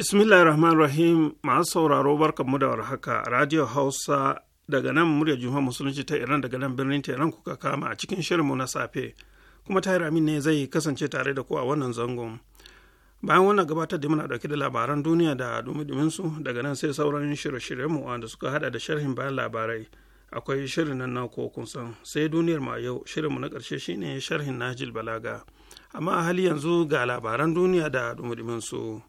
Bismillahir Rahmanir Rahim masu sauraro barkanmu da warhaka Radio Hausa daga nan murya Juma'a Musulunci ta Iran daga nan birnin Tehran kuka kama a cikin shirin mu na safe kuma Tahir Amin ne zai kasance tare da ku a wannan zangon. Bayan wannan gabatar da muna dauke da labaran duniya da dumi su daga nan sai sauran shirye-shiryenmu wanda suka hada da sharhin bayan labarai akwai shirin nan na ko kun san sai duniyar ma yau shirin mu na karshe shine sharhin Najil Balaga amma a hali yanzu ga labaran duniya da dumi su.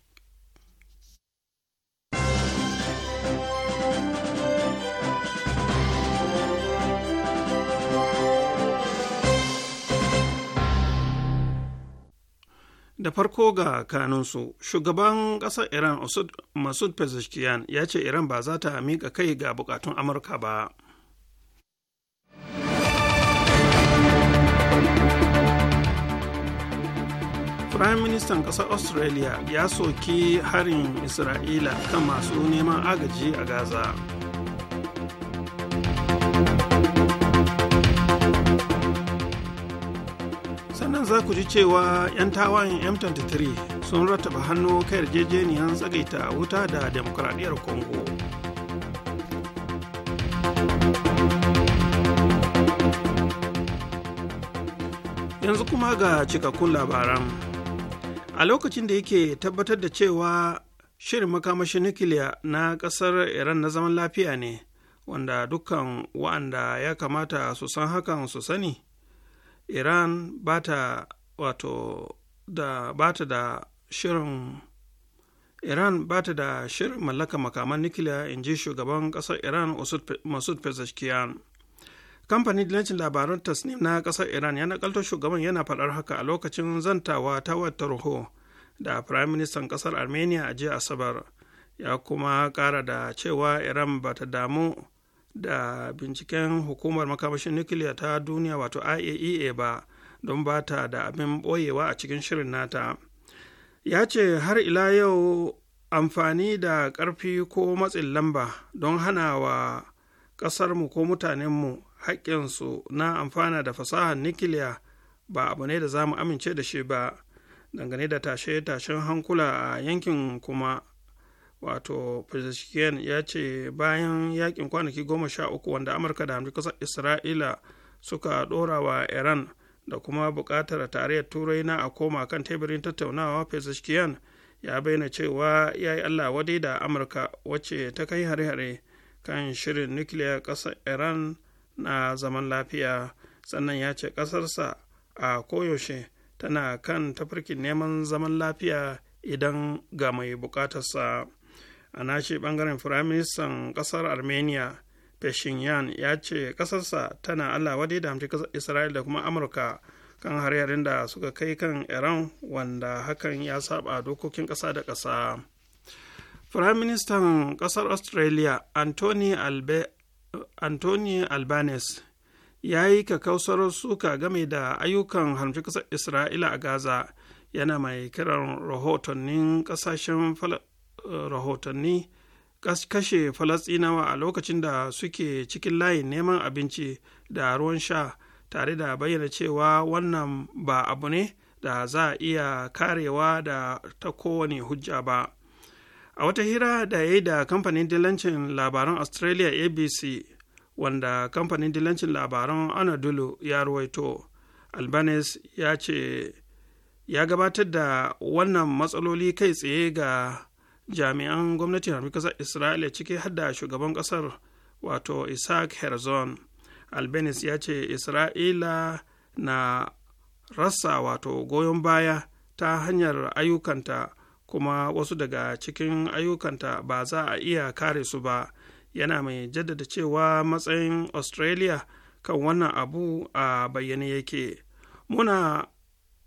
da farko ga kanunsu shugaban ƙasar iran masud pezeshkian ya ce iran ba za ta miƙa kai ga bukatun amurka ba Prime Ministan ƙasar Australia ya soki harin Isra'ila kan masu neman agaji a Gaza. za ku ji cewa 'yan tawayen M23 sun rattaba hannu kan yarjejeniyar tsagaita wuta da demokuraɗiyar Congo. Yanzu kuma ga cikakkun labaran. A lokacin da yake tabbatar da cewa shirin makamashin nukiliya na ƙasar Iran na zaman lafiya ne, wanda dukkan wa'anda ya kamata su san hakan su sani. iran ba ta wato da ba da shirin iran ba da shirin mallaka makaman nukiliya in ji shugaban kasar iran masud pezeshkian kamfanin dilancin labaran tasnim na kasar iran ya nakalto shugaban yana faɗar haka a lokacin zantawa ta wata ho da firayim ministan kasar armenia a jiya asabar ya kuma ƙara da cewa iran ba ta damu da binciken hukumar makamashin nukiliya ta duniya wato iaea e ba don ba ta da abin boyewa a cikin shirin nata ya ce har ila yau amfani da ƙarfi ko matsin lamba don hana wa ƙasarmu ko mutanenmu haƙƙinsu na amfana da fasahar nukiliya ba abu ne da za mu amince da shi ba dangane da tashe-tashen hankula a yankin kuma wato pezeshkian ya ce bayan yakin kwanaki goma sha uku wanda amurka da hamdu kasar isra'ila suka dora wa iran da kuma buƙatar tarayyar turai na a koma kan teburin tattaunawa pezeshkian ya bayyana cewa ya yi allah wadai da amurka wacce ta kai hare-hare kan shirin nukiliyar ƙasar iran na zaman lafiya sannan ya ce ƙasarsa a koyaushe tana kan tafarkin neman zaman lafiya idan ga mai buƙatarsa. a nashi bangaren firaministan kasar armenia peshinyan ya ce kasarsa tana allah wadai da hamci kasar da kuma amurka kan har da suka kai kan iran wanda hakan ya saba dokokin kasa da kasa firaministan kasar australia anthony, Albe, anthony ya yi kakausar suka game da ayyukan harmci kasar isra'ila a gaza yana mai kiran rahotannin kasashen rahotanni kashe falasɗinawa a lokacin da suke cikin layin neman abinci da ruwan sha tare da bayyana cewa wannan ba abu ne da za a iya karewa da ta kowane hujja ba a wata hira da ya yi da kamfanin dilancin labaran australia abc wanda kamfanin dilancin labaran anadolu ya ruwaito albanes ya ce ya gabatar da wannan matsaloli kai tsaye ga jami'an gwamnatin harbi kasar isra'ila ciki hadda shugaban ƙasar wato isaac herzon albanis ya ce isra'ila na rasa wato goyon baya ta hanyar ayyukanta kuma wasu daga cikin ayyukanta ba za a iya kare su ba yana mai jaddada cewa matsayin australia kan wannan abu a bayyane yake muna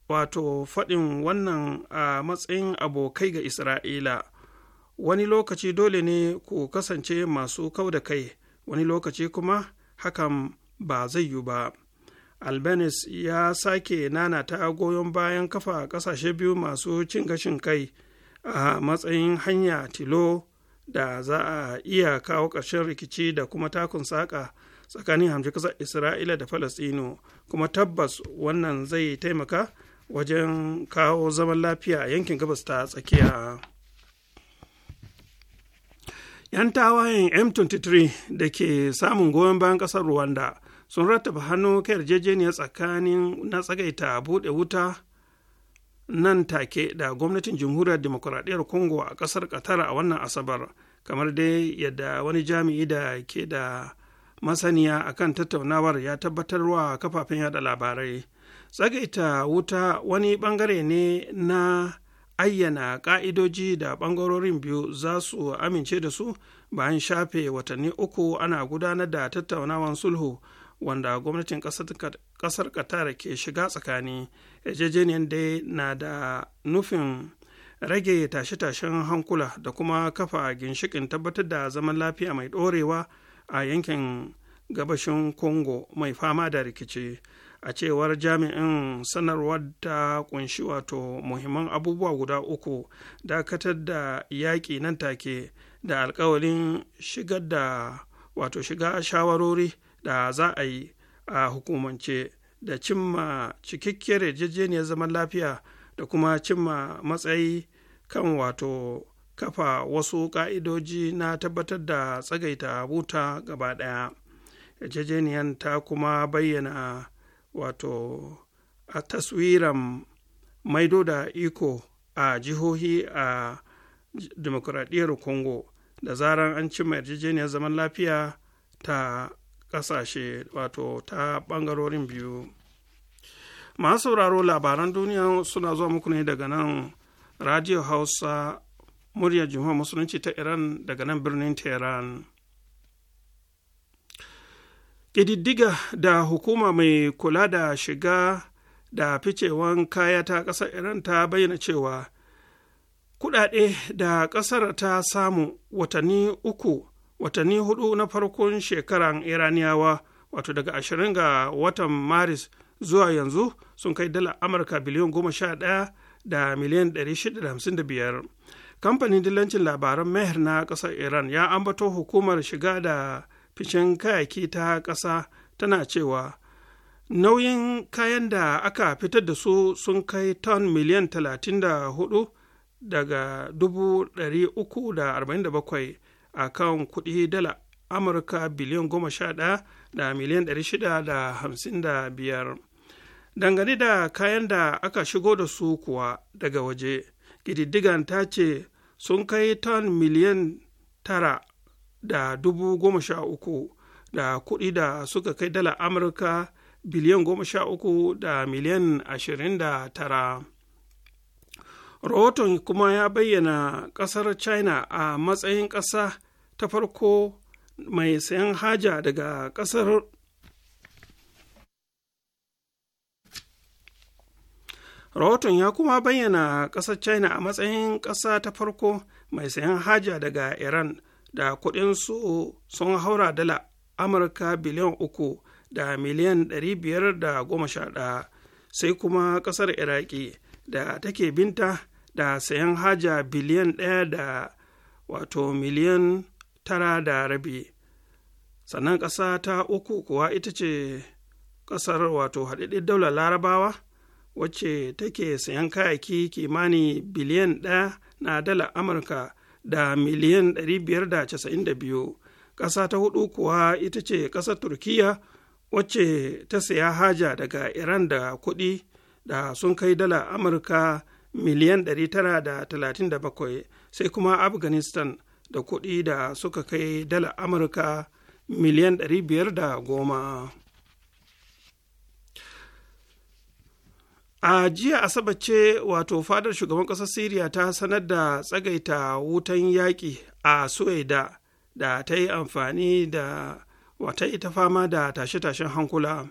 wato faɗin wannan a matsayin abokai ga isra'ila wani lokaci dole ne ku kasance masu kau da kai wani lokaci kuma hakan ba zai yiwu ba albanis ya sake Nana ta goyon bayan kafa kasashe biyu masu cin gashin kai a matsayin hanya tilo da za a iya kawo ƙarshen rikici da kuma takun saƙa tsakanin hamshi kasa isra'ila da falasino kuma tabbas wannan zai taimaka wajen kawo zaman lafiya a yankin gabas ta tsakiya. 'yan tawayen m23 da ke samun goyon bayan kasar rwanda sun rattaba hannu ka yarjejeniya tsakanin na tsagaita buɗe wuta nan take da gwamnatin jamhuriyar demokuraɗiyyar congo a ƙasar qatar a wannan asabar kamar dai yadda wani jami'i da ke da masaniya akan tattaunawar ya tabbatar wa kafafen yada labarai tsagaita wuta wani bangare ne na ayyana ƙa'idoji da ɓangarorin biyu za su amince da su bayan shafe watanni uku ana gudanar da tattaunawan sulhu wanda gwamnatin ƙasar qatar ke shiga tsakani yarjejeniyar dai na da nufin rage tashe-tashen hankula da kuma kafa ginshikin tabbatar da zaman lafiya mai ɗorewa a yankin gabashin congo mai fama da rikici a cewar jami'in sanarwar ta kunshi wato muhimman abubuwa guda uku dakatar da yaƙi nan take da alkawalin shigar da wato shiga shawarori da za a yi a hukumance da cimma cikakkiyar yarjejeniyar zaman lafiya da kuma cimma matsayi kan wato kafa wasu ƙa'idoji na tabbatar da tsagaita buta gaba ɗaya yarjejeniyar ta kuma bayyana wato a taswiran maido da iko a jihohi a demokuraɗiyar congo da zaran an cimma yarjejeniyar zaman lafiya ta ƙasashe wato ta ɓangarorin biyu masu sauraro labaran duniya suna zuwa muku ne daga nan radio hausa muryar jihar musulunci ta iran daga nan birnin tehran kididdiga da hukuma mai kula da shiga da ficewan kaya ta ƙasar iran ta bayyana cewa kudade da ƙasar ta samu watanni uku watanni hudu na farkon shekaran iraniyawa wato daga 20 ga watan maris zuwa yanzu sun kai dala amurka biliyan 11 da miliyan 655 kamfanin dillancin labaran mehr na ƙasar iran ya ambato hukumar shiga da ficen kayaki ta ƙasa tana cewa nauyin kayan da aka fitar da su sun kai ton miliyan 34 daga 347 a kan kuɗi dala amurka biliyan 11 da miliyan 655 dangane da kayan da aka shigo da su kuwa daga waje ƙididdigan ta ce sun kai ton miliyan tara da dubu goma sha uku da kuɗi da suka kai dala amurka biliyan goma sha uku da miliyan ashirin da tara rahoton kuma ya bayyana ƙasar china a matsayin ƙasa ta farko mai sayan haja daga ƙasar rahoton ya kuma bayyana ƙasar china a matsayin ƙasa ta farko mai sayan haja daga iran da kuɗinsu sun haura dala amurka biliyan uku da miliyan ɗari biyar da goma sha ɗaya sai kuma ƙasar iraki da take binta da sayan haja biliyan ɗaya da wato miliyan tara da rabi sannan ƙasa ta uku kuwa ita ce ƙasar wato haɗaɗɗen daular larabawa wacce take sayan kayaki kimanin biliyan ɗaya na dala amurka da miliyan 592 ƙasa ta hudu kuwa ita ce ƙasar turkiya wacce ta saya haja daga iran da kuɗi da sun kai dala amurka miliyan 937 sai kuma afghanistan da kuɗi da suka kai dala amurka miliyan 510 a jiya asabar ce wato fadar shugaban ƙasar syria ta sanar da tsagaita wutan yaƙi a suwaida da ta yi amfani da wata ita fama da tashe-tashen hankula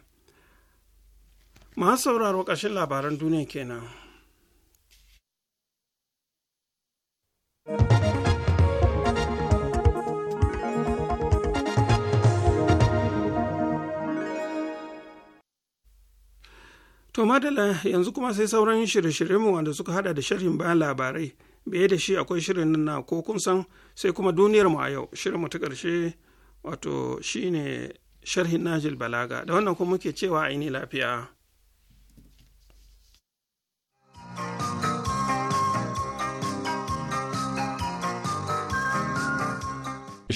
masu sauraro ƙarshen labaran duniya kenan. To madala yanzu kuma sai sauran shirye-shiryenmu wanda suka hada da sharhin bayan labarai. Biye da shi akwai shirin nan na ko kun san sai kuma duniyarmu a yau shirin mu ta ƙarshe wato shine sharhin Najil Balaga da wannan kuma muke cewa aini lafiya.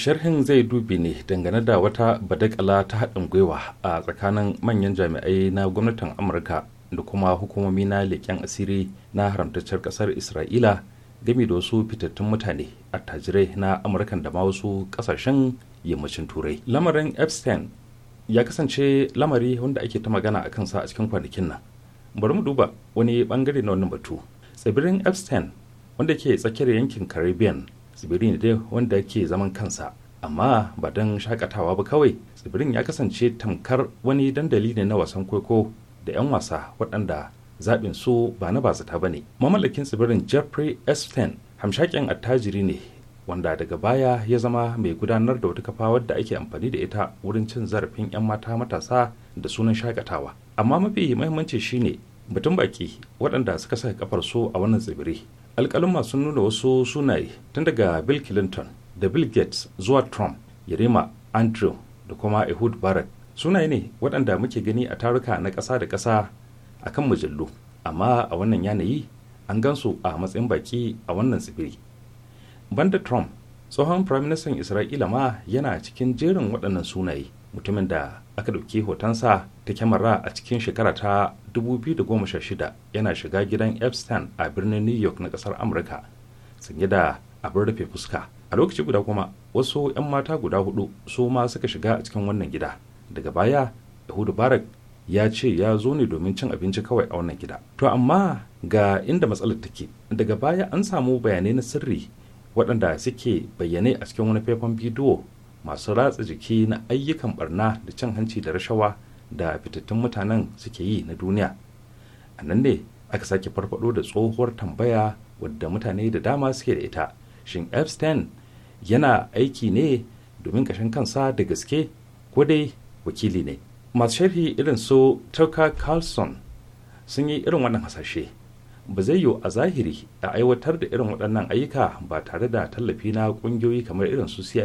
sharhin zai dubi ne dangane da wata badakala ta haɗin gwiwa a tsakanin manyan jami'ai na gwamnatin amurka da kuma hukumomi na leƙen asiri na haramtaccen ƙasar isra'ila game da wasu fitattun mutane attajirai na amurkan da ma wasu ƙasashen yammacin turai lamarin epstein ya kasance lamari wanda ake ta magana a kansa a cikin kwanakin nan bari mu duba wani bangare na wannan batu tsibirin epstein wanda ke tsakiyar yankin caribbean tsibiri ne wanda ke zaman kansa amma ba don shakatawa ba kawai tsibirin ya kasance tamkar wani dandali ne na wasan kwaiko da 'yan wasa waɗanda zaɓin su ba na bazata ba ne mamallakin tsibirin jeffrey s. esten hamshakin attajiri ne wanda daga baya ya zama mai gudanar da wata kafa wadda ake amfani da ita wurin cin zarafin 'yan mata matasa da sunan shakatawa amma mafi mahimmanci shine batun baki waɗanda suka saka kafar su a wannan tsibiri alƙalin masu nuna wasu sunaye tun daga bill clinton da bill gates zuwa trump yarima andrew da kuma ehud barak sunaye ne waɗanda muke gani a taruka na ƙasa da ƙasa a kan mujallu amma a wannan yanayi an gansu a matsayin baki a wannan tsibiri banda trump tsohon firaministan isra'ila ma yana cikin jerin waɗannan sunaye mutumin da aka ɗauki hotonsa ta kyamara a cikin shekara ta 2016 yana shiga gidan epstein a birnin new york na ƙasar amurka sanye da abin rufe fuska a lokaci guda kuma wasu 'yan mata guda hudu su ma suka shiga a cikin wannan gida daga baya yahudu barak ya ce ya zo ne domin cin abinci kawai a wannan gida to amma ga inda matsalar take daga baya an samu bayanai na sirri waɗanda suke bayyane a cikin wani faifan bidiyo masu ratsa jiki na ayyukan barna da cin hanci da rashawa da fitattun mutanen suke yi na duniya a nan ne aka sake farfado da tsohuwar tambaya wadda mutane da dama suke da ita shin epstein yana aiki ne domin kashin kansa da gaske ko dai wakili ne masu sharhi irin su tucker carlson sun yi irin wannan hasashe ba zai yiwu a zahiri a aiwatar da irin waɗannan ayyuka ba tare da tallafi na ƙungiyoyi kamar irin su cia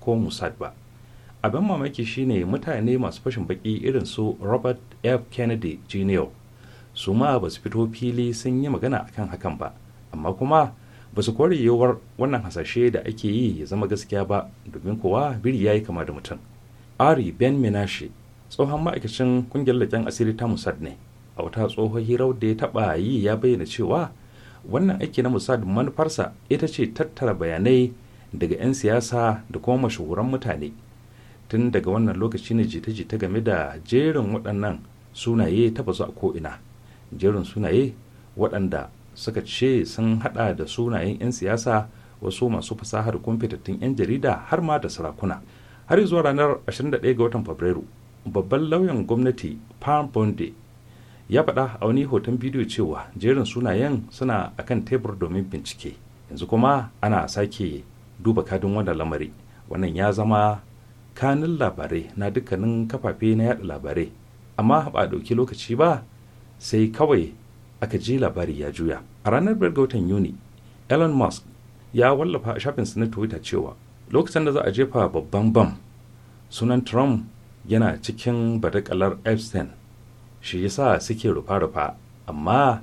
ko mossad ba abin mamaki shine mutane masu fashin baki irin su robert f kennedy jr su ma ba su fito fili sun yi magana akan hakan ba amma kuma ba su kori yiwuwar wannan hasashe da ake yi ya zama gaskiya ba domin kowa biri ya yi kama da mutum ari ben menashe tsohon ma'aikacin kungiyar leƙen asiri ta musad ne a wata tsohon hira da ya taɓa yi ya bayyana cewa wannan aiki na musad manufarsa ita ce tattara bayanai daga 'yan siyasa da kuma mashahuran mutane tun daga wannan lokaci ne jita-jita game da jerin waɗannan sunaye ta bazu a ko'ina jerin sunaye waɗanda suka ce sun hada da sunayen 'yan siyasa wasu masu fasahar kumfitattun 'yan jarida har ma da sarakuna har zuwa ranar 21 ga watan fabrairu babban lauyan gwamnati pam bonde ya faɗa a wani hoton bidiyo cewa jerin sunayen suna akan tebur domin bincike yanzu kuma ana sake duba kadin wannan lamari wannan ya zama kanin labarai na dukkanin kafafe na yada labarai amma ba a ɗauki lokaci ba sai kawai aka je labari ya juya a ranar biyar ga watan yuni elon musk ya wallafa a shafinsa na twitter cewa lokacin da za a jefa babban bam sunan trump yana cikin badakalar epstein shi yasa suke rufa-rufa amma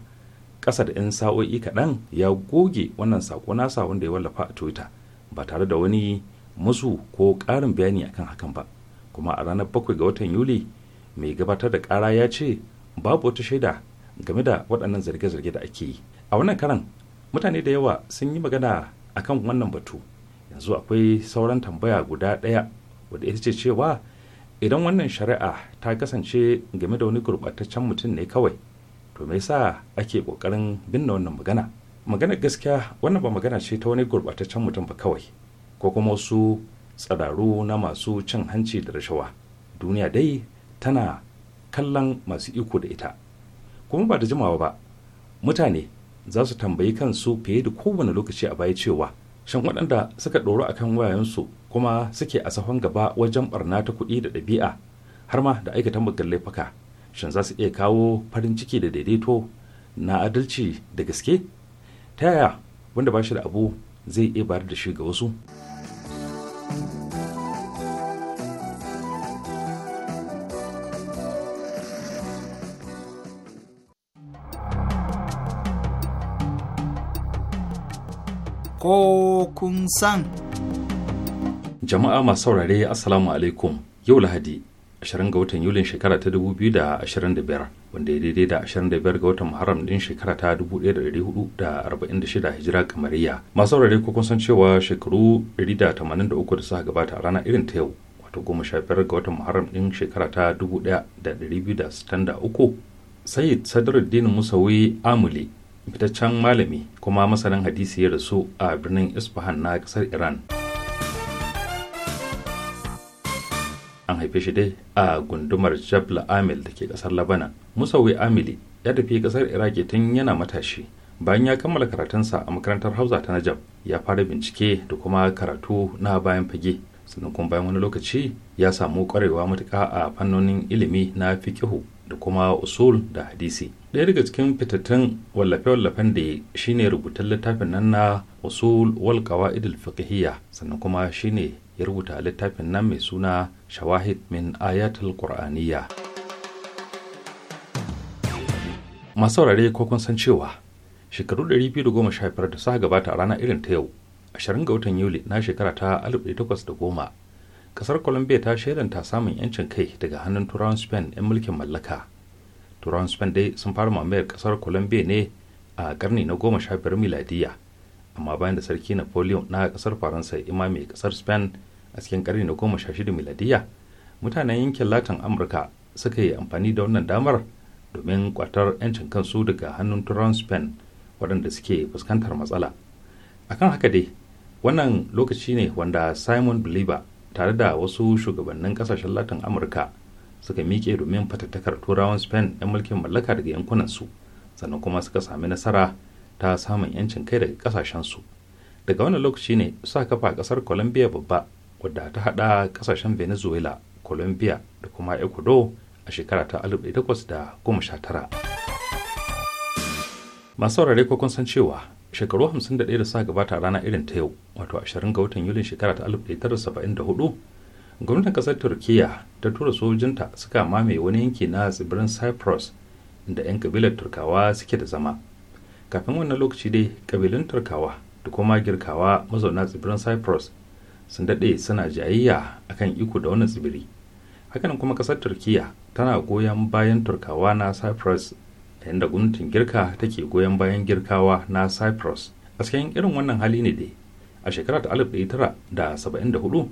ƙasa da 'yan sa'o'i kaɗan ya goge wannan saƙo nasa wanda ya wallafa a twitter ba tare da wani musu ko ƙarin bayani akan hakan ba kuma a ranar 7 ga watan yuli mai gabatar da ƙara ya ce babu wata shaida game da waɗannan zarge-zarge da ake yi a wannan karan mutane da yawa sun yi magana akan wannan batu yanzu akwai sauran tambaya guda ɗaya wadda ita ce cewa idan wannan shari'a ta kasance game da wani gurɓataccen mutum ne kawai to me yasa ake ƙoƙarin binne wannan magana magana gaskiya wannan ba magana ce ta wani gurɓataccen mutum ba kawai ko kuma wasu tsadaru na masu cin hanci da rashawa duniya dai tana kallon masu iko da ita kuma ba da jimawa ba mutane za su tambayi kansu fiye da kowane lokaci a baya cewa shan waɗanda suka ɗoro a kan wayansu kuma suke a sahon gaba wajen ɓarna ta kuɗi da ɗabi'a har ma da aikata muggan laifuka shan za su iya kawo farin ciki da daidaito na adalci da gaske ta yaya wanda ba shi da abu zai iya bayar da shi ga wasu. ko kun san. Jama'a masu saurare Assalamu alaikum yau Lahadi 20 ga watan Yulin shekara ta 2025 wanda ya daidai da 25 ga watan Muharram din shekara ta 1446 Hijira kamariya. Masu saurare ko kun san cewa shekaru 183 da suka gabata a rana irin ta yau wato 15 ga watan Muharram din shekara ta 1263 Sayyid Sadruddin Musawi Amuli fitaccen malami kuma masanin hadisi ya rasu a birnin isfahan na kasar iran an haife shi dai a gundumar jabla amil da ke kasar labana musawi amili ya tafi kasar iraki tun yana matashi bayan ya kammala karatunsa a makarantar hausa ta najab ya fara bincike da kuma karatu na bayan fage sannan kuma bayan wani lokaci ya samu kwarewa matuka a fannonin ilimi na fikihu da kuma usul da hadisi ɗaya daga cikin fitattun wallafe-wallafen da ya shine rubutun littafin nan na usul wal qawaid al sannan kuma shine ya rubuta littafin nan mai suna shawahid min ayatul qur'aniyya masu saurare ko kun san cewa shekaru 215 da suka gabata a rana irin ta yau 20 ga watan yuli na shekara ta 1810 kasar colombia ta shaidanta samun yancin kai daga hannun turawan spain 'yan mulkin mallaka turawan spain dai sun fara mamayar kasar colombia ne a karni na goma sha biyar miladiya amma bayan da sarki napoleon na kasar faransa ima mai kasar spain a cikin karni na goma sha shida miladiya mutanen yankin latin amurka suka yi amfani da wannan damar domin kwatar 'yancin kansu daga hannun turan spain waɗanda suke fuskantar matsala akan haka dai wannan lokaci ne wanda simon believer tare da wasu shugabannin kasashen latin amurka suka miƙe domin fatattakar turawan spain 'yan mulkin mallaka daga yankunansu sannan kuma suka sami nasara ta samun 'yancin kai daga su daga wannan lokaci ne suka kafa kasar colombia babba wadda ta hada kasashen venezuela colombia da kuma ecuador a shekara ta 1819 masu saurare ko kun san cewa shekaru 51 da sa gabata a rana irin ta yau wato ashirin ga watan yulin shekara ta 1974 gwamnatin kasar turkiya ta tura sojinta suka mamaye wani yanki na tsibirin cyprus da 'yan kabilar turkawa suke da zama kafin wannan lokaci dai kabilun turkawa da kuma girkawa mazauna tsibirin cyprus sun daɗe suna jayayya akan iko da wannan tsibiri hakanan kuma kasar turkiya tana goyon bayan turkawa na cyprus da inda gwamnatin girka take goyon bayan girkawa na cyprus a cikin irin wannan hali ne dai a shekarar ta 1974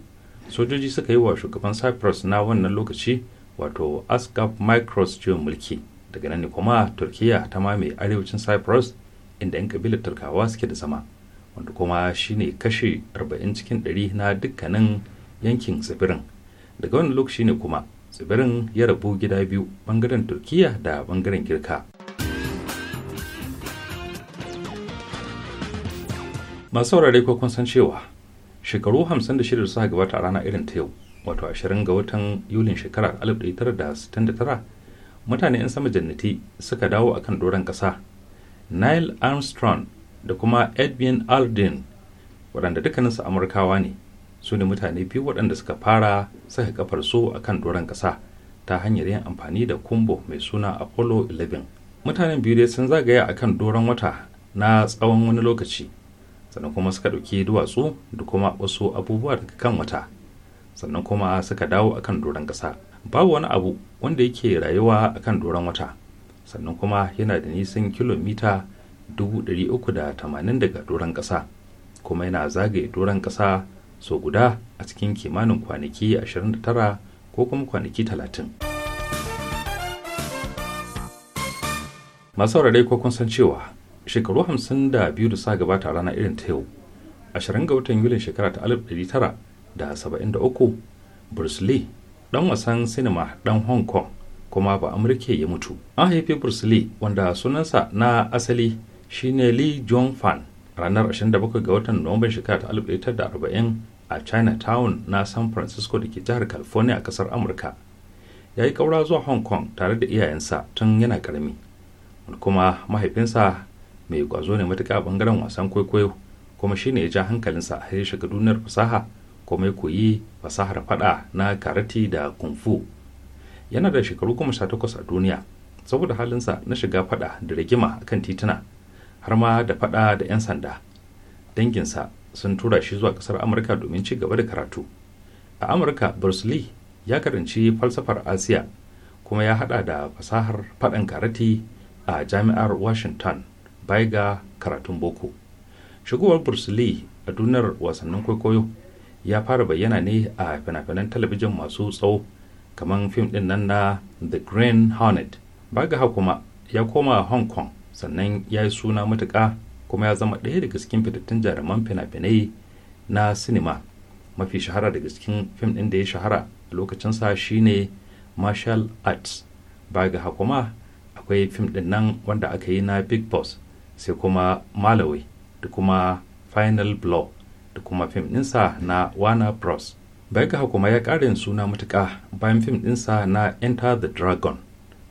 sojoji suka yi wa shugaban cyprus na wannan lokaci wato ascap micros ciwon mulki daga nan ne kuma turkiya ta mamaye arewacin cyprus inda 'yan kabilar turkawa suke da zama wanda kuma shine kashe 40 cikin 100 na dukkanin yankin tsibirin daga wannan lokaci ne kuma tsibirin ya rabu gida biyu bangaren turkiya da bangaren girka masu saurare ko kun san cewa shekaru 56 da suka gabata a rana irin ta yau wato 20 ga watan yulin shekarar 1969 mutane 'yan sama jannati suka dawo akan doron kasa Neil Armstrong da kuma Edwin Aldrin waɗanda dukkaninsu Amurkawa ne su ne mutane biyu waɗanda suka fara saka kafar su akan doron kasa ta hanyar yin amfani da kumbo mai suna apollo 11 mutanen biyu dai sun zagaya akan doron wata na tsawon wani lokaci sannan kuma suka ɗauki duwatsu da kuma wasu abubuwa daga kan wata sannan kuma suka dawo akan doron ƙasa babu wani abu wanda yake rayuwa akan doron wata sannan kuma yana da nisan kilomita 380 daga doron ƙasa kuma yana zagaye doron ƙasa so guda a cikin kimanin kwanaki 29 ko kuma kwanaki 30 masu ko kun san cewa shekaru 52 da sa gabata rana irin ta yau 20 ga watan yulin shekara ta 1973 bruce lee dan wasan sinima dan hong kong kuma ba amurke ya mutu an haifi bruce lee wanda sunansa na asali shine lee jong fan ranar 27 ga watan nuwamban shekara ta 1940 a chinatown na san francisco da ke jihar california a kasar amurka ya yi kaura zuwa hong kong tare da iyayensa tun yana karami kuma mahaifinsa mai gwazo ne matuƙa a bangaren wasan kwaikwayo kuma shine ya ja hankalinsa a ya shiga duniyar fasaha kuma ya koyi fasahar fada na karati da kung yana da shekaru goma sha takwas a duniya saboda halinsa na shiga fada da rigima kan tituna har ma da fada da 'yan sanda danginsa sun tura shi zuwa kasar amurka domin ci gaba da karatu a amurka bruce lee ya karanci falsafar asiya kuma ya hada da fasahar faɗan karati a jami'ar washington bai ga karatun boko shigowar bruce lee a duniyar wasannin kwaikwayo ya fara bayyana ne a fina-finan talabijin masu tsawo kamar fim din nan na the green hornet bagaha kuma ya koma hong kong sannan ya yi suna matuka kuma ya zama ɗaya daga cikin fitattun jaruman fina-finai na sinima mafi shahara daga cikin fim din da ya shahara a lokacinsa shine martial arts baga kuma akwai fim din nan wanda aka yi na big boss sai kuma malawi da kuma final blow da kuma fim ɗinsa na wana bros bai ga kuma ya ƙarin suna matuƙa bayan fim ɗinsa na enter the dragon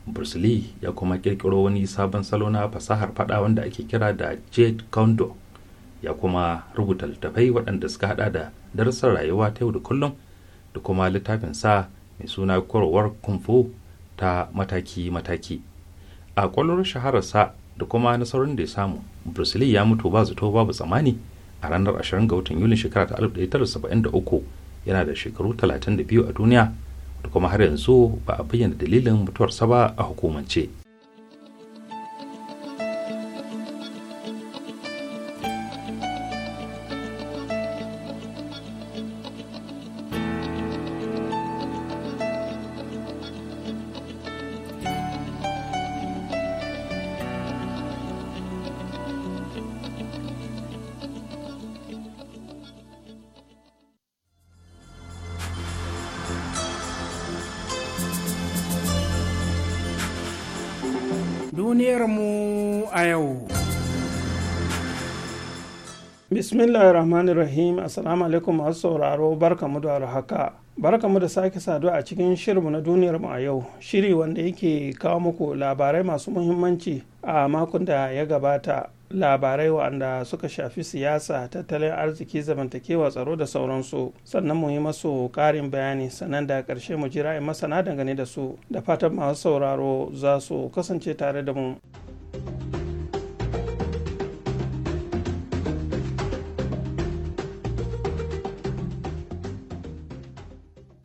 bruce lee ya kuma ƙirƙiro wani sabon salo na fasahar fada wanda ake kira da jade kondo ya kuma rubuta littafai waɗanda suka hada da darussan rayuwa ta yau da kullum da kuma littafin sa mai suna korowar kung fu ta mataki-mataki a kwallon shahararsa da kuma nasarorin da ya samu bruce ya mutu ba zato babu tsammani a ranar 20 ga watan yulin shekara ta 1973 yana da shekaru 32 a duniya da kuma har yanzu ba a bayyana dalilin mutuwarsa ba a hukumance bismillahir rahmanir rahim assalamu alaikum masu sauraro barkamu da haka barkamu da sake saduwa a cikin shirinmu na duniyar mu a yau shiri wanda yake kawo muku labarai masu muhimmanci a makon da ya gabata labarai wanda suka shafi siyasa tattalin arziki zamantakewa tsaro da sauransu sannan mu yi masu karin bayani sannan da karshe mu jira masana dangane da su da fatan masu sauraro za su kasance tare da mu.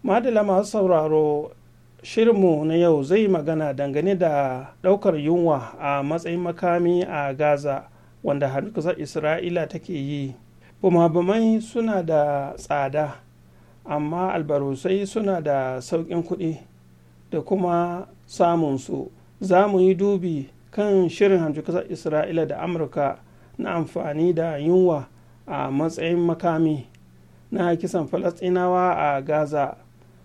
madala masu sauraro shirinmu na yau zai magana dangane da ɗaukar yunwa a matsayin makami a gaza wanda harkusar isra'ila take yi bumabumai suna da tsada amma albarusai suna da sauƙin kuɗi da kuma samunsu za mu yi dubi kan shirin harkusar isra'ila da amurka na amfani da yunwa a matsayin makami na kisan falasɗinawa a gaza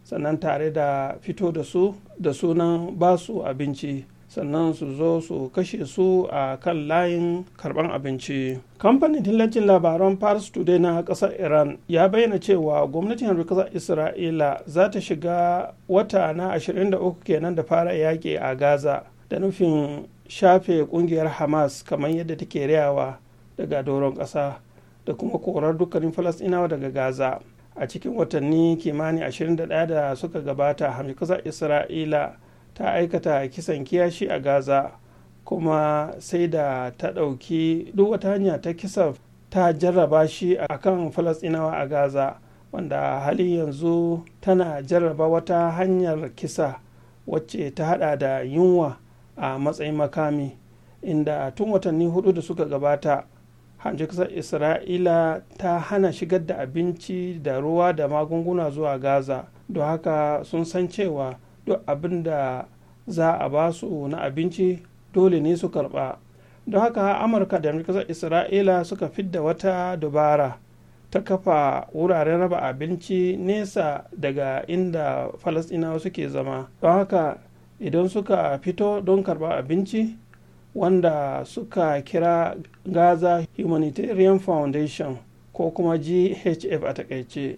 sannan tare da fito da su da sunan ba su abinci sannan su zo su kashe su a kan layin karban abinci kamfanin dillancin labaran paris today na kasar iran ya bayyana cewa gwamnatin kasar isra'ila za ta shiga wata na 23 kenan da fara yaƙi a gaza da nufin shafe ƙungiyar hamas kamar yadda take rayawa daga doron ƙasa da kuma korar dukkanin falasɗinawa daga gaza a cikin watanni kimanin 21 da suka gabata hamikasar isra'ila ta aikata kisan kiyashi a gaza kuma sai da ta ɗauki duk wata hanya ta kisa ta jarraba shi a kan falastinawa a gaza wanda halin yanzu tana jarraba wata hanyar kisa wacce ta hada da yunwa a matsayin makami inda tun watanni hudu da suka gabata hanji kasar isra'ila ta hana shigar da abinci da ruwa da magunguna zuwa gaza don haka sun san cewa duk abin da za a ba su na abinci dole ne su karba don haka amurka da kasar isra'ila suka fidda wata dubara ta kafa wuraren raba abinci nesa daga inda falasɗinawa suke zama don haka idan suka fito don karba abinci wanda suka kira gaza humanitarian foundation ko kuma ghf a takaice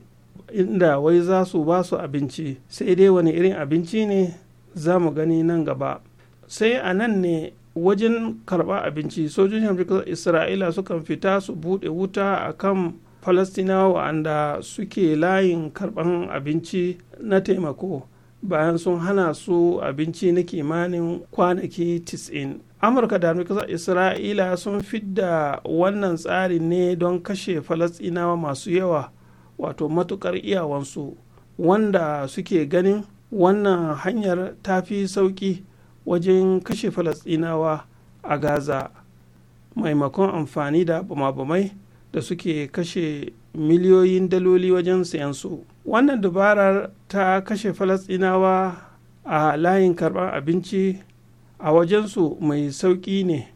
inda wai za su ba su abinci sai dai wani irin abinci ne za mu gani nan gaba sai a nan ne wajen karɓa abinci sojojin amurka isra'ila sukan fita su buɗe wuta a kan falastinawa wa'anda suke layin karɓan abinci na taimako bayan sun hana su abinci na kimanin kwanaki 90 amurka da kasar isra'ila sun fidda wannan tsari ne don kashe falasɗinawa masu yawa wato matukar iyawansu wanda suke ganin wannan hanyar ta fi sauƙi wajen kashe falasɗinawa a gaza maimakon amfani da bama-bamai da suke kashe miliyoyin daloli wajen sayansu wannan dabarar ta kashe falasɗinawa a layin karɓar abinci a wajensu mai sauƙi ne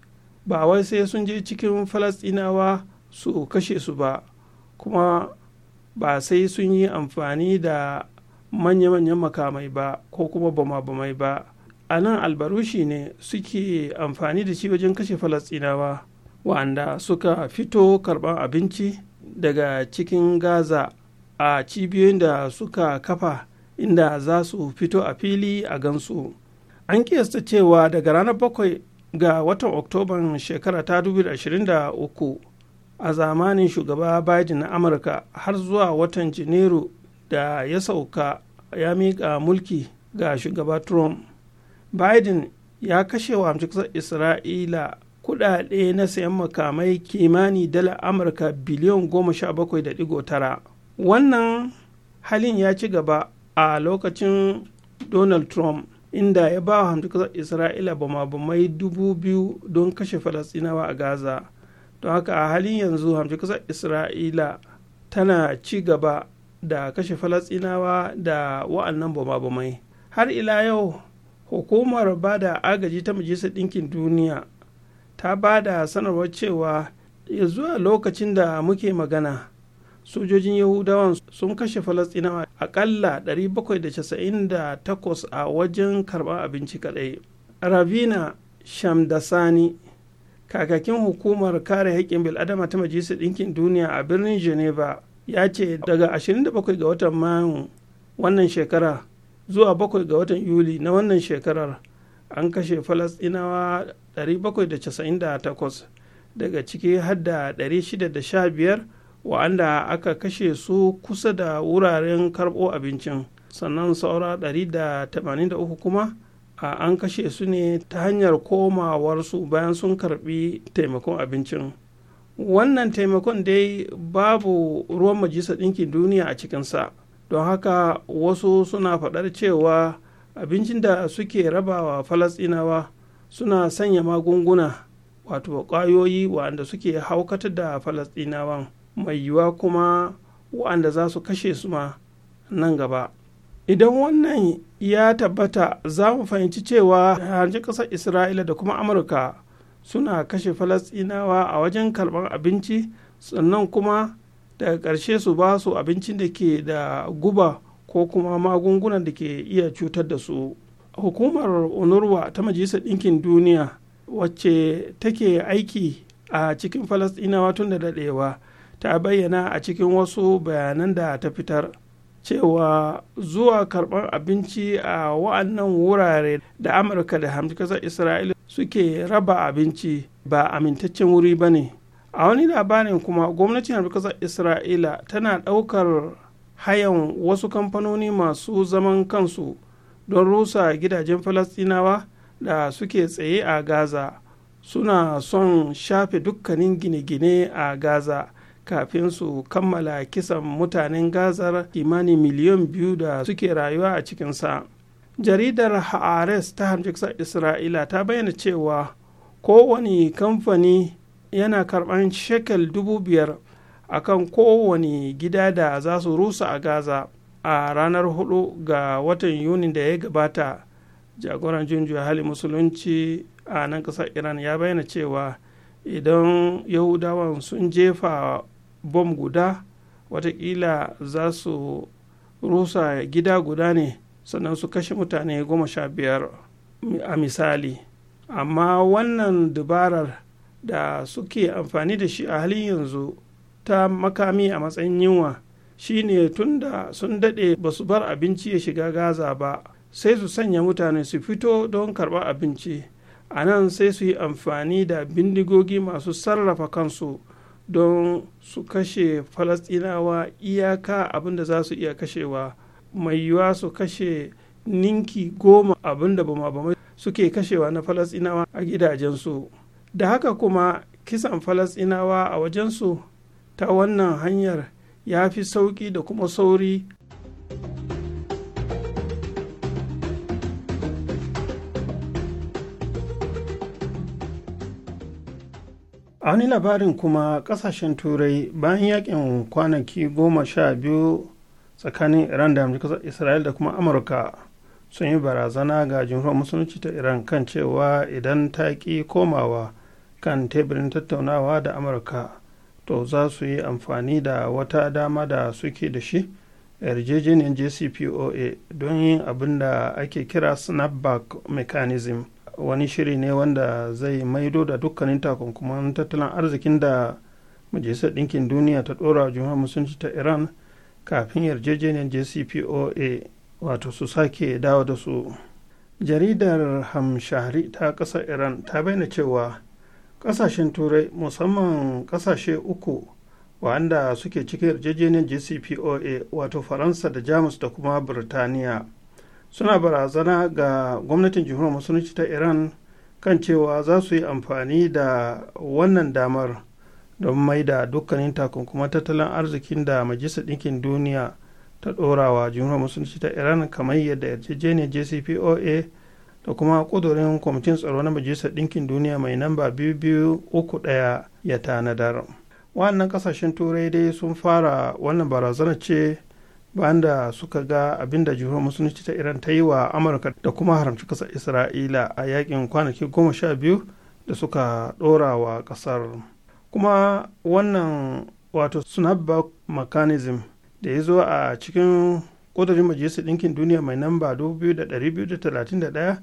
ba wai sai sun je cikin falasɗinawa su kashe su ba kuma ba sai sun yi amfani da manya-manyan makamai ba ko kuma bama-bamai ba a nan albarushi ne suke amfani da shi wajen kashe falasɗinawa wa'anda suka fito karɓar abinci daga cikin gaza a cibiyoyin da suka kafa inda za su fito a fili a gansu an kiyasta cewa daga ranar 7 ga watan oktoban shekara ta 2023 a zamanin shugaba biden na amurka har zuwa watan janairu da ya sauka ya miƙa mulki ga shugaba trump biden ya kashe wa amsar isra'ila kudade na sayan makamai kimani dala amurka biliyon 17.9 wannan halin ya ci gaba a lokacin donald trump inda ya ba hantu kasar isra'ila bama bamai dubu biyu don kashe falastinawa a gaza don haka a halin yanzu hantu kasar isra'ila tana ci gaba da kashe falastinawa da wa'annan bama bamai har ila yau hukumar ba da agaji ta majalisar ɗinkin duniya ta ba da sanarwar cewa ya zuwa lokacin da muke magana sojojin yahudawan sun kashe falastinawa akalla 798 a wajen karɓar abinci kadai ravina shamdasani kakakin hukumar kare haƙƙin bil'adama ta majalisar ɗinkin duniya a birnin geneva ya ce daga 27 ga watan mayu wannan shekara zuwa 7 ga watan yuli na wannan shekarar an kashe falastinawa 798 daga ciki hadda 615 wa'anda aka kashe su kusa da wuraren karɓo abincin sannan saura 183 kuma a an kashe su ne ta hanyar komawarsu bayan sun karɓi taimakon abincin wannan taimakon dai babu ruwan majisa ɗinkin duniya a cikinsa don haka wasu suna faɗar cewa abincin da suke rabawa falasɗinawa suna sanya magunguna wato ƙwayoyi wa'anda suke haukata da falasɗinawan mai yiwuwa kuma waɗanda za su kashe su ma nan gaba idan wannan ya tabbata za mu fahimci cewa harji ƙasar isra'ila da kuma amurka suna kashe falasɗinawa a wajen karɓar abinci sannan kuma daga ƙarshe su ba su abincin da ke da guba ko kuma magungunan da ke iya cutar da su hukumar onurwa ta majalisar ɗinkin duniya wacce take aiki a cikin falasɗinawa tun da daɗewa ta bayyana a cikin wasu bayanan da ta fitar cewa zuwa karɓar abinci a wa'annan wurare da amurka da hamdukasar isra'ila suke raba abinci ba amintaccen wuri ba ne a wani labarin kuma gwamnatin hamdukasar isra'ila tana ɗaukar hayan wasu kamfanoni masu zaman kansu don rusa gidajen falastinawa da suke tsaye a gaza suna son shafe dukkanin gine-gine a gaza kafin su kammala kisan mutanen gazar kimanin miliyan biyu da suke rayuwa a cikinsa jaridar haares ta hamjiksa isra'ila ta bayyana cewa kowane kamfani yana karban shekel dubu biyar a kan kowane gida da za su rusa a gaza a ranar hudu ga watan yuni da ya gabata jagoran jinjiya hali musulunci a nan ƙasar iran ya bayyana cewa idan yahudawan sun jefa bom guda watakila za su rusa gida guda ne sannan su kashe mutane goma sha biyar a misali amma wannan dubarar da suke amfani da shi a halin yanzu ta makami a matsayin yunwa shine da sun dade ba su bar abinci ya shiga gaza ba sai su sanya mutane su fito don karɓar abinci a nan sai su yi amfani da bindigogi masu sarrafa kansu don su kashe falasɗinawa iyaka abinda za su iya kashewa mai yiwuwa su kashe ninki goma abinda ba ma suke kashewa na falasɗinawa a gidajensu da haka kuma kisan falasɗinawa a wajensu ta wannan hanyar ya fi sauƙi da kuma sauri a wani labarin kuma kasashen turai bayan yakin kwanaki goma sha biyu tsakanin iran da amurka isra'il da kuma amurka sun yi barazana ga jumhuriyar musulunci ta iran kan cewa idan ta ki komawa kan teburin tattaunawa da amurka to za su yi amfani da wata dama da suke da shi yarjejeniyar jcpoa don yin abin da ake kira snapback mechanism wani shiri ne wanda zai maido da dukkanin takunkuman tattalin arzikin da majalisar ɗinkin duniya ta ɗora jumhuriyar musulunci ta iran kafin yarjejeniyar jcpoa wato su sake dawo da su jaridar hamshari ta ƙasar iran ta bayyana cewa ƙasashen turai musamman ƙasashe uku wanda suke cikin yarjejeniyar jcpoa wato faransa da jamus da kuma birtaniya suna barazana ga gwamnatin jihohar musulunci ta iran kan cewa za su yi amfani da wannan damar don mai da dukkanin takunkuma tattalin arzikin da majalisar ɗinkin duniya ta ɗorawa jihohar musulunci ta iran kamar yadda yarjejeniyar jcpoa da kuma ƙudurin kwamitin tsaro na majalisar ɗinkin duniya mai namba ɗaya ya tanadar wannan kasashen turai dai sun fara wannan barazana ce bayan da suka ga abin da jihar musulunci ta iran ta yi wa amurka da kuma haramci kasar isra'ila a yakin kwanaki goma sha biyu da suka ɗora wa ƙasar kuma wannan wato snapback mechanism da ya zo a cikin ƙudurin majalisar ɗinkin duniya mai namba 2231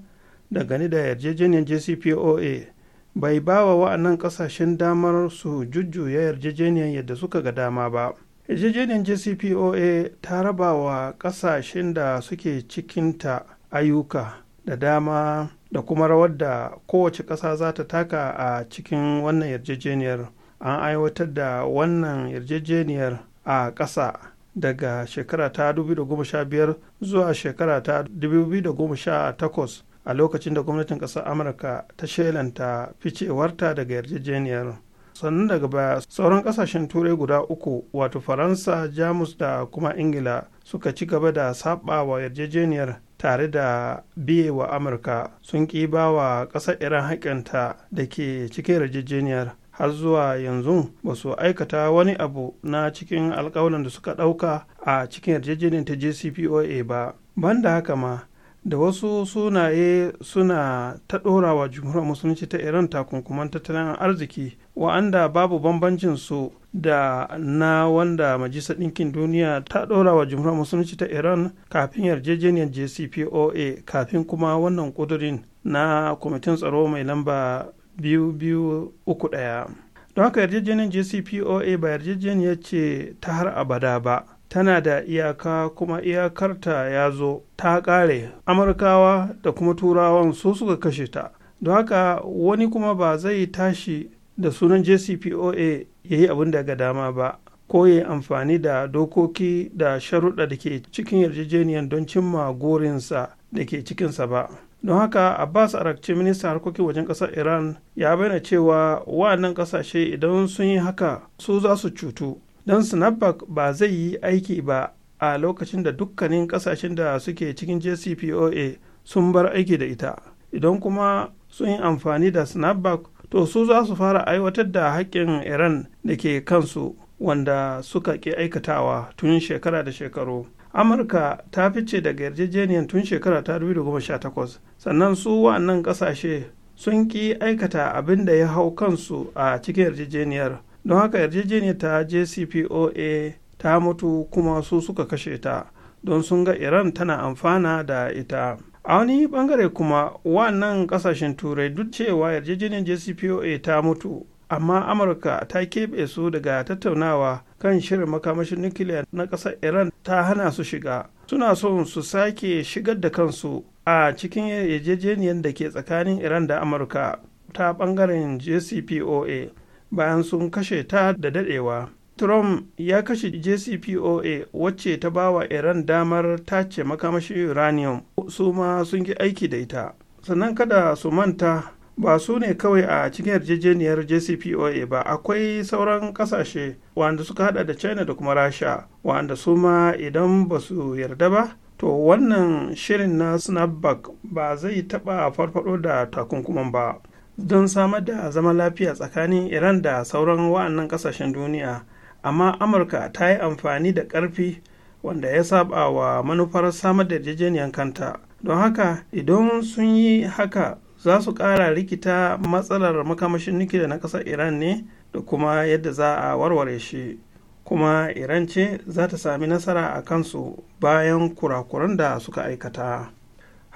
gani da yarjejeniyar jcpoa bai ba wa wa'annan kasashen damar su jujjuya yarjejeniyar yadda suka ga dama ba yarjejeniyar jcpoa ta raba wa kasashen da suke cikinta ayyuka da dama da kuma rawar da kowace ƙasa za ta taka a cikin wannan yarjejeniyar an aiwatar da wannan yarjejeniyar a ƙasa daga shekara ta 2015 zuwa shekara ta 2018 a lokacin da gwamnatin ƙasar amurka ta shelanta ficewarta daga yarjejeniyar sannan daga baya sauran kasashen turai guda uku wato faransa jamus da kuma ingila suka ci gaba da saba wa yarjejeniyar tare da biye wa amurka sun ƙi ba wa ƙasar iran haƙƙinta da ke cikin yarjejeniyar har zuwa yanzu ba su aikata wani abu na cikin alkawalin da suka ɗauka a cikin yarjejeniyar ta jcpoa ba banda haka ma da wasu sunaye suna ta ɗora wa jumhuriyar musulunci ta iran takunkuman tattalin arziki wa'anda babu bambancin su da na wanda majalisar ɗinkin duniya ta ɗora wa jumhuriyar musulunci ta iran kafin yarjejeniyar jcpoa kafin kuma wannan ƙudurin na kwamitin tsaro mai lamba ɗaya don haka yarjejeniyar jcpoa ba yarjejeniyar ce ta har abada ba tana da iyaka kuma iyakarta ya zo ta ƙare amurkawa da kuma turawan su suka kashe ta don haka wani kuma ba zai tashi da sunan jcpoa ya yi abin daga dama ba ko ya amfani da dokoki da sharuɗa da ke cikin yarjejeniyar don cimma gorinsa da ke cikinsa ba don haka abbas arakci ministan harkokin wajen ƙasar iran ya bayyana cewa wa'annan ƙasashe idan sun yi haka su za su cutu don snapback ba zai yi aiki ba a lokacin da dukkanin kasashen da suke cikin jcpoa sun bar aiki da ita idan kuma sun yi amfani da snapback to su za su fara aiwatar da haƙƙin iran da ke kansu wanda suka ƙi aikatawa tun shekara da shekaru amurka ta fice daga yarjejeniyar tun shekara ta 2018 sannan su wa'annan ƙasashe sun ƙi aikata abin da ya hau kansu a cikin yarjejeniyar don haka yarjejeniyar ta jcpoa ta mutu kuma su suka kashe ta don sun ga iran tana amfana da ita a wani bangare kuma wannan kasashen turai duk cewa yarjejeniyar jcpoa ta mutu amma amurka ta keɓe su daga tattaunawa kan shirin makamashin nukiliya na ƙasar iran ta hana su shiga suna son su sake shigar da kansu a cikin yarjejeniyar da ke tsakanin iran da amurka ta bangaren jcpoa bayan sun kashe ta da dadewa trump ya kashe jcpoa wacce ta bawa iran damar tace makamashi uranium su ma sun ki aiki da ita sannan kada su manta ba su ne kawai a cikin yarjejeniyar jcpoa ba akwai sauran kasashe wanda suka hada da china da kuma rasha wanda su ma idan ba su yarda ba to wannan shirin na snapback ba zai taba farfado da takunkuman ba don samar da zaman lafiya tsakanin iran da sauran wa'annan kasashen duniya amma amurka ta yi amfani da ƙarfi wanda ya saba wa manufar samar da yarjejeniyar kanta don haka idan sun yi haka za su kara rikita matsalar makamashin nukiliya na kasar iran ne da kuma yadda za a warware shi kuma iran ce za ta sami nasara a kansu bayan kurakuran da suka aikata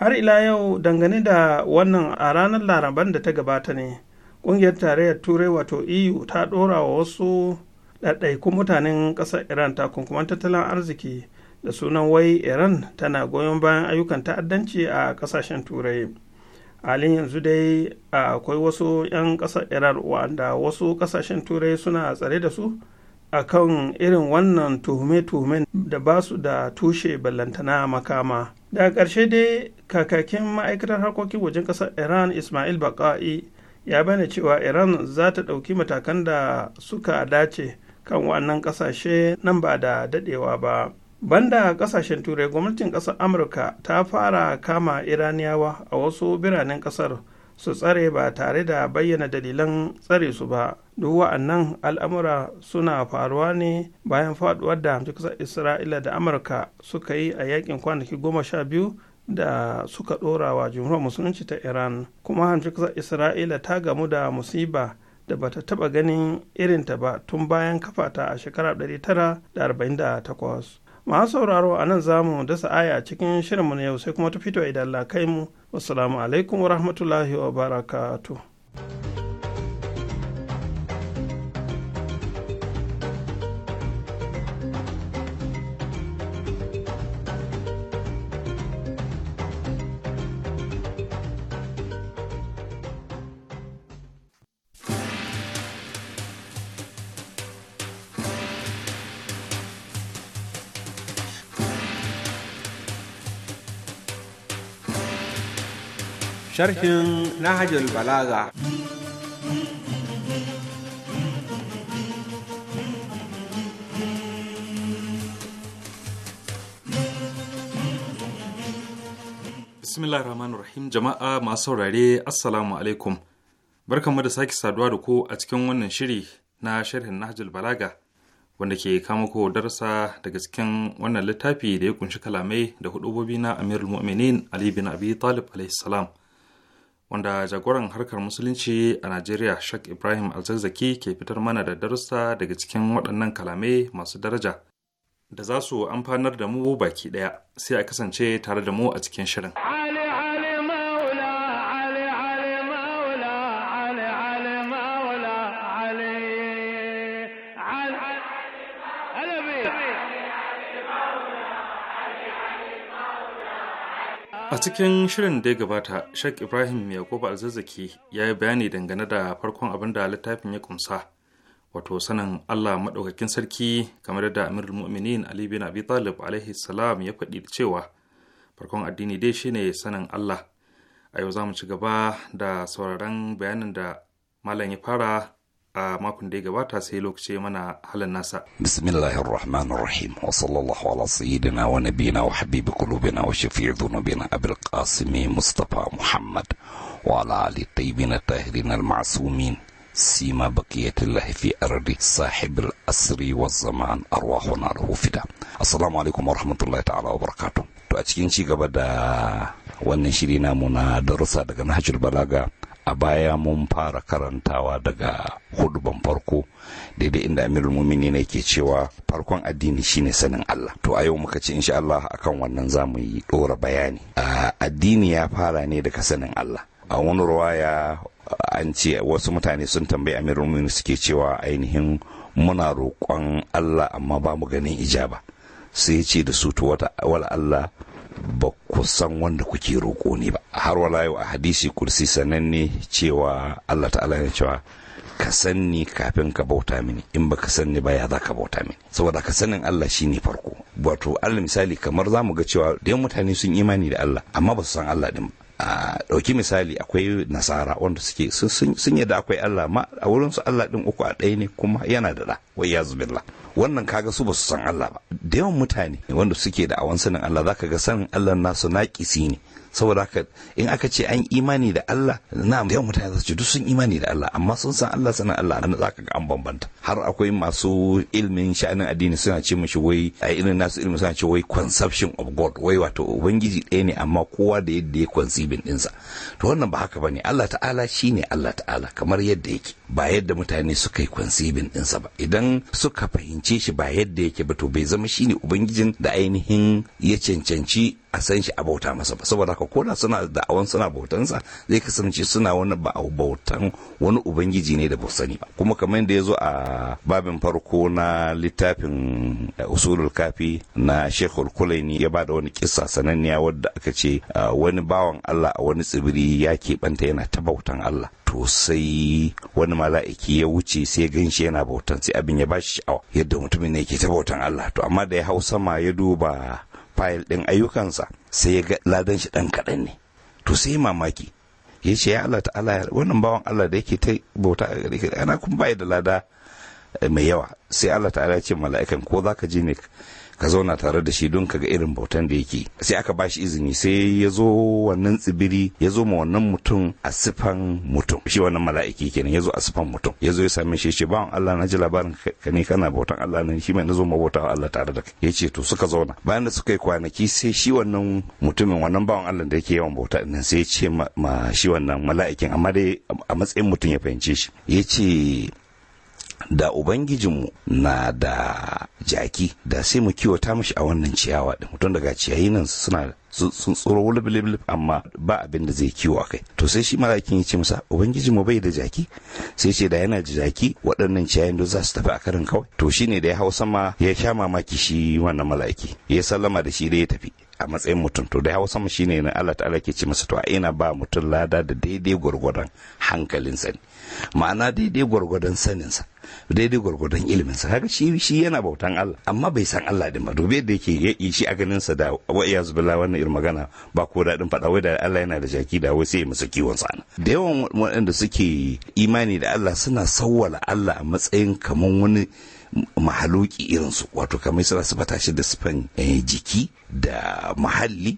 har ila yau dangane da wannan a ranar laraban da ta gabata ne ƙungiyar tarayyar turai wato eu ta ɗora wa wasu ɗaiɗaikun mutanen ƙasar iran ta kunkuman tattalin arziki da sunan wai iran tana goyon bayan ayyukan ta'addanci a ƙasashen turai halin yanzu dai akwai wasu 'yan ƙasar iran wanda wasu ƙasashen turai suna tsare da su a kan irin wannan tuhume-tuhumen da ba su da tushe ballantana makama daga ƙarshe dai kakakin ma'aikatar harkokin wajen ƙasar iran ismail baka'i ya bayyana cewa iran za ta ɗauki matakan da suka dace kan wannan ƙasashe nan ba da daɗewa ba banda ƙasashen turai gwamnatin ƙasar amurka ta fara kama iraniyawa a wasu biranen ƙasar su tsare ba tare da bayyana dalilan tsare su ba duk wa'annan al'amura suna faruwa ne bayan faduwar da hamci kasar isra'ila da amurka suka yi a yakin kwanaki goma sha biyu da suka dora wa jumhuriyar musulunci ta iran kuma hamci kasar isra'ila ta gamu da musiba da bata taba ganin irinta ba tun bayan kafata a shekara ɗari tara 1948 masu sauraro a nan zamu dasa aya cikin shirinmu na yau sai kuma ta fito idan lakai mu wasu alaikum wa rahmatullahi wa barakatuh sharhin Nahajul Balaga. Bismillah rahman rahim jama'a masu saurare assalamu alaikum barkanmu da sake saduwa da ku a cikin wannan shiri na sharhin Nahjul Balaga wanda ke kama ko darsa daga cikin wannan littafi da ya kunshi kalamai da hudubobi na Amirul Mu'minin Ali bin Abi Talib alaihi salam wanda jagoran harkar musulunci a Najeriya Sheikh Ibrahim Alzazzaki ke fitar mana da darussa daga cikin waɗannan kalamai masu daraja da za su amfanar da mu baki ɗaya sai a kasance tare da mu a cikin shirin. a cikin shirin da ya gabata sheikh ibrahim yakubu alzazzaki ya yi bayani dangane da farkon abin da littafin ya kunsa, wato sanin allah maɗaukakin sarki kamar da Amir mu'minin ali bin abi talib alaihi salam ya faɗi cewa farkon addini dai shine sanin allah a yau za mu ci gaba da sauraron bayanin da malam ya fara a makon da ya gabata sai lokaci mana halin nasa. Bismillahir Rahmanir Rahim wa sallallahu ala sayyidina wa nabiyina wa habibi qulubina wa shafi'i dhunubina Abul Qasim Mustafa Muhammad wa ala ali tayyibin tahirin al ma'sumin سيما بقية ardi في أرض wa zaman والزمان أرواحنا له Assalamu alaikum wa rahmatullahi ta'ala wa وبركاته to a cikin ci gaba da wannan shiri namu na darussa daga Nahjul Balaga a baya mun fara karantawa daga huduban farko daidai inda amirul mumini ne ke cewa farkon addini shine sanin Allah to a yau muka ce insha Allah akan wannan zamu yi dora bayani addini ya fara ne daga sanin Allah a wani ruwaya an ce wasu mutane sun tambayi amirul mumini suke cewa ainihin muna roƙon Allah amma ba mu ganin ijaba sai ce da su to wata wala Allah ba san wanda kuke roƙo ne ba har wala yau a hadisi kursi sananne cewa Allah ta'ala ya cewa ka sanni kafin ka bauta mini in baka sanni ba ya za ka bauta mini saboda ka sanin Allah ne farko wato Allah misali kamar zamu ga cewa da mutane sun imani da Allah amma ba su san Allah din ba a ɗauki misali akwai nasara wanda suke sun yadda akwai Allah ma a wurin su Allah din uku a ɗaya ne kuma yana da da wai ya zubillah wannan kaga su ba su san Allah ba da yawan mutane wanda suke da awan sanin Allah zaka ga sanin Allah nasu naƙisi ne saboda haka in aka ce an imani da Allah na yawan mutane za su ce duk sun imani da Allah amma sun san Allah sanan Allah an zaka ga an bambanta har akwai masu ilmin sha'anin addini suna ce mishi wai a irin nasu ilmin suna ce wai conception of God wai wato ubangiji ɗaya ne amma kowa da yadda ya din sa to wannan ba haka bane Allah ta'ala shine Allah ta'ala kamar yadda yake ba yadda mutane suka yi din sa ba idan suka fahimce shi ba yadda yake ba to bai zama shine ubangijin da ainihin ya cancanci a san shi a bauta masa ba saboda haka koda suna da'awan suna bautansa zai kasance suna wani ba bautan wani ubangiji ne da ba sani ba kuma kamar da ya zo a babin farko na littafin eh, usulul kafi na shekul kulaini ya ba da wani kisa sananniya wadda aka ce eh, wani bawan allah a wani tsibiri ya keɓanta yana ta bautan allah to sai wani mala'iki ya wuce sai gan shi yana bautan sai abin ya bashi sha'awa yadda mutumin ne ke ta bautan Allah to amma da ya hau sama ya duba fayil ɗin ayyukansa sai ya ga ladan shi ɗan kaɗan ne to sai mamaki ya ce ya Allah ta'ala wannan bawan Allah da yake ta bauta a gare ka ana kun bai da lada mai yawa sai Allah ta'ala ya ce mala'ikan ko zaka je ne ka zauna tare da shi don ka ga irin bautan da yake sai aka bashi izini sai ya zo wannan tsibiri ya zo ma wannan mutum a sifan mutum shi wannan mala'iki kenan ya zo a sifan mutum ya zo ya same shi ce bawan Allah na ji labarin ka ne kana bautan Allah ne shi mai na zo ma wa Allah tare da kai ya ce to suka zauna bayan da suka yi kwanaki sai shi wannan mutumin wannan bawan Allah da yake yawan bauta din sai ya ce ma shi wannan mala'ikin amma dai a matsayin mutum ya fahimce shi ya ce da ubangijinmu na da jaki da sai mu kiwata mashi a wannan ciyawa din mutum daga ciyayi nan suna sun tsoro wulif amma ba abin da zai kiwo a kai to sai shi malakin ya ce masa ubangijinmu bai da jaki sai ce da yana da jaki waɗannan ciyayin da za su tafi a karin kawai to shine da ya hau sama ya sha mamaki shi wannan malaki ya sallama da shi da ya tafi a matsayin mutum to da hausa mu shine na Allah ta'ala ke ce masa to a ina ba mutum lada da daidai gwargwadon hankalin sani ma'ana daidai gwargwadon sanin sa daidai gwargwadon iliminsa kaga shi shi yana bautan Allah amma bai san Allah din ba dobe da yake yi shi a ganin sa da wa iya zubilla wannan irin magana ba ko dadin faɗa wai da Allah yana da jaki da wai sai ya masa kiwon sa da yawan waɗanda suke imani da Allah suna sawwala Allah a matsayin kaman wani mahaluki irinsu wato kamar suna sifata shi da sifan eh, jiki da mahalli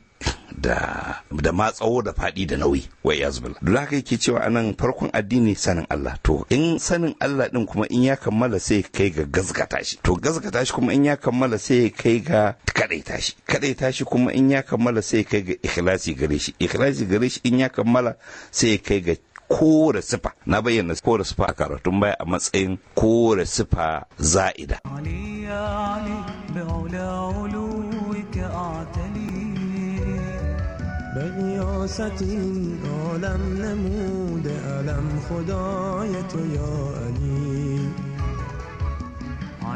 da da matsawo da faɗi da nauyi wai yazbil don haka yake cewa anan farkon addini sanin Allah to in sanin Allah din kuma in ya kammala sai kai ga gazgata shi to gazgata shi kuma in ya kammala sai kai ga kadaita shi kadaita shi kuma in ya kammala sai kai ga ikhlasi gare shi ikhlasi gare shi in ya kammala sai kai ga kore sifa na bayyana kore sifa a karatun baya a matsayin kore sifa za'ida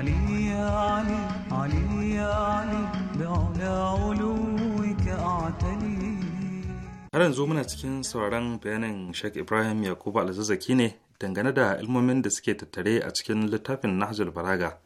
علي يا علي علي يا علي بعلى علوك أعتلي Har yanzu muna cikin sauraron bayanin Sheikh Ibrahim Yakubu Alzazzaki ne dangane da ilmomin da suke tattare a cikin littafin Nahjul Balaga.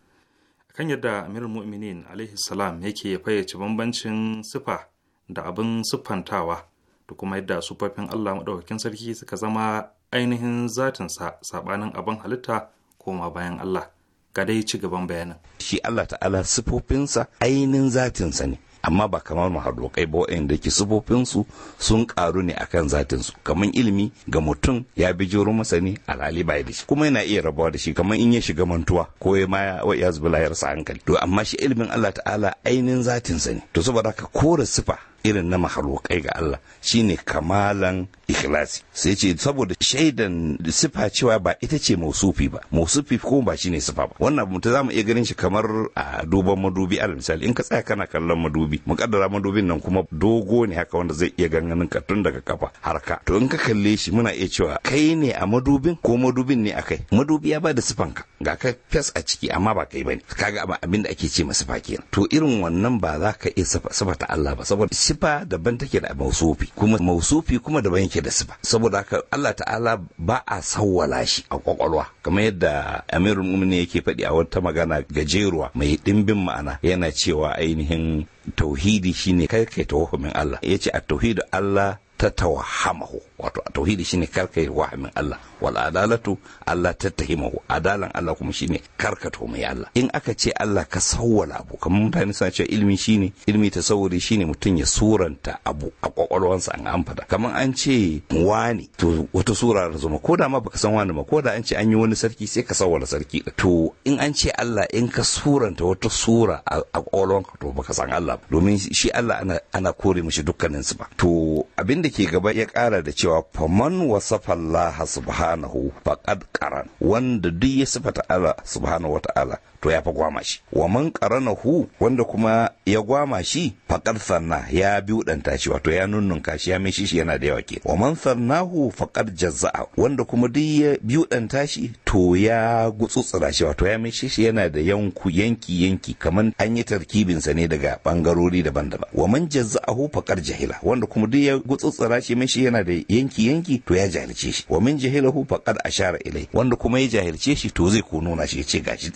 Kan yadda Amirul Mu'minin alaihi salam yake fayyace bambancin sifa da abin siffantawa da kuma yadda sufafin Allah maɗaukakin sarki suka zama ainihin zatinsa saɓanin abin halitta koma bayan Allah. Ga dai ci gaban bayanin. Shi Allah ta'ala sifofinsa ainihin zatinsa ne. amma ba kamar kai ba waɗanda ke sufofinsu sun karu ne akan zatinsu kamar ilimi ga mutum ya bi jiro masani alhali ba da shi kuma yana iya rabuwa da shi kamar in ya shiga mantuwa ko ya ma ya zubi layarsa hankali to amma shi ilimin Allah ta'ala ainihin zatinsa ne to saboda ka kore sifa irin na mahalokai ga Allah shine kamalan ikhlasi sai ce saboda shaidan sifa cewa ba ita ce mausufi ba mausufi ko ba shine sifa ba wannan mutum zamu iya ganin shi kamar a duban madubi a misali in ka tsaya kana kallon madubi kaddara madubin nan kuma dogo ne haka wanda zai iya ganganin ka tun daga kafa har ka to in ka kalle shi muna iya cewa kai ne a madubin ko madubin ne akai madubi ya bada sifan ka ga ka fes a ciki amma ba kai bane kaga abin da ake ce ma sifa to irin wannan ba za ka iya sifata Allah ba saboda sifa daban take da mausufi kuma mausufi kuma daban yake da sifa saboda haka Allah ta'ala ba a sawwala shi a kwakwalwa kamar yadda amirul mu'minin yake faɗi a wata magana gajeruwa mai dimbin ma'ana yana cewa ainihin tauhidi shine kai kai tawahumin Allah yace at tauhidu Allah ta tawahamahu wato tauhidi shine karka yi wahamin Allah wal adalatu Allah tattahimahu adalan Allah kuma shine karka mai Allah in aka ce Allah ka sawwala abu kamar mutane suna cewa ilmi shine ilimi tasawuri shine mutum ya suranta abu a kwakwalwansa an an fada kamar an ce wani to wata sura da zuma ko da ma baka san wani ma ko da an ce an yi wani sarki sai ka sawwala sarki to in an ce Allah in ka suranta wata sura a kwakwalwanka to baka san Allah domin shi Allah ana ana kore mishi dukkanin su ba to abin da ke gaba ya kara da cewa cewa faman wasafallaha subhanahu faqad qaran wanda duk ya sifata Allah subhanahu wata'ala to ya fa gwama shi wa man qaranahu wanda kuma ya gwama shi faqad sanna ya biyu danta shi wato ya nunnunka shi ya mishi shi yana da yawa ke wa man sannahu faqad jazza'a wanda kuma duk ya biyu danta shi to ya gutsutsura shi wato ya mishi shi yana da yanku yanki yanki kamar an yi tarkibin sa ne daga bangarori daban-daban wa man jazza'ahu faqad jahila wanda kuma duk ya gutsutsura shi mishi yana da yanki yanki to ya jahilce shi wa min jahilahu faqad ashara ilai wanda kuma ya jahilce shi to zai ko nuna shi ya gashi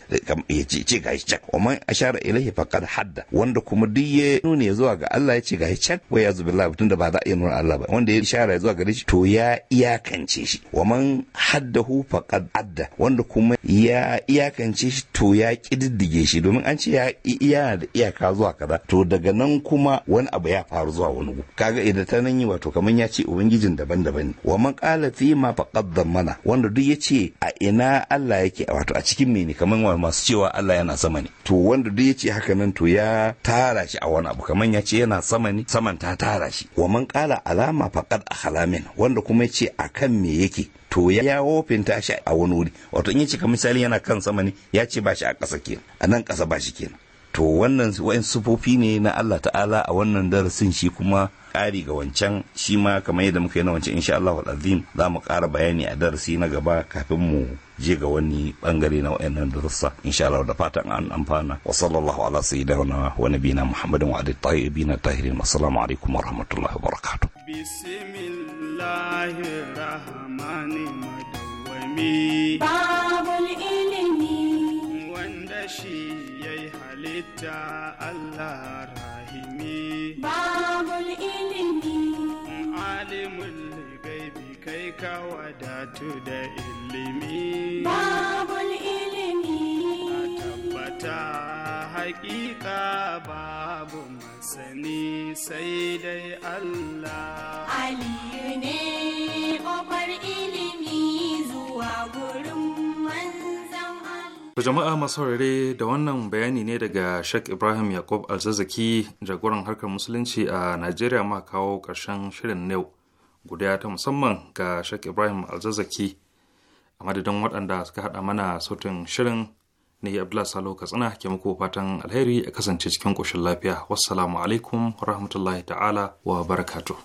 yace ce gashi can wa man ashara ilai faqad hadda wanda kuma duk ya nuna ya zuwa ga Allah ya ce gashi can wa ya zubillahi tunda ba za a yi nuna Allah ba wanda ya ishara ya zuwa gare shi to ya iyakance shi wa man haddahu faqad adda wanda kuma ya iyakance shi to ya kididdige shi domin an ce ya yana da iyaka zuwa kaza to daga nan kuma wani abu ya faru zuwa wani kaga idan ta nan yi wato kamar ya ce ubangijin da daban-daban wa man qala fi ma faqad mana wanda duk yace a ina Allah yake wato a cikin me ne kaman masu cewa Allah yana sama ne to wanda duk yace haka nan to ya tara shi a wani abu kaman yace yana sama ne saman ta tara shi wa man qala alama faqad halamin wanda kuma yace akan me yake to ya wofinta shi a wani wuri wato in yace kamar misali yana kan sama ne ya ce ba shi a ƙasa kenan a nan ƙasa ba shi kenan to wannan wa'in sufofi ne na Allah ta'ala a wannan darasin shi kuma ƙari ga wancan shi ma kamar yadda muka yi na wancan insha Allah azim za mu ƙara bayani a darasi na gaba kafin mu je ga wani bangare na wayannan darussa insha Allah da fatan an amfana wa sallallahu ala sayyidina wa nabiyina muhammadin wa alihi tayyibin tahirin assalamu alaikum wa rahmatullahi wa barakatuh bismillahir rahmanir rahim babul ilimi wanda shi yayi halitta Allah rahimi babul ilimi ka wadatu da ilimi babul ilimi tabbata hakika babu masani sai dai Allah aliyu ne ƙofar ilimi zuwa gurin Allah jama'a masu da wannan bayani ne daga Sheikh Ibrahim Yakub Alzazaki jagoran harkar musulunci a Najeriya ma kawo ƙarshen shirin yau. guda ta musamman ga Sheikh Ibrahim Alzazzaki a madadin waɗanda suka haɗa mana sautin shirin ne Abdullahi Salo Katsina ke muku fatan alheri a kasance cikin ƙoshin lafiya. Wassalamu alaikum rahmatullahi ta'ala wa barakatuh.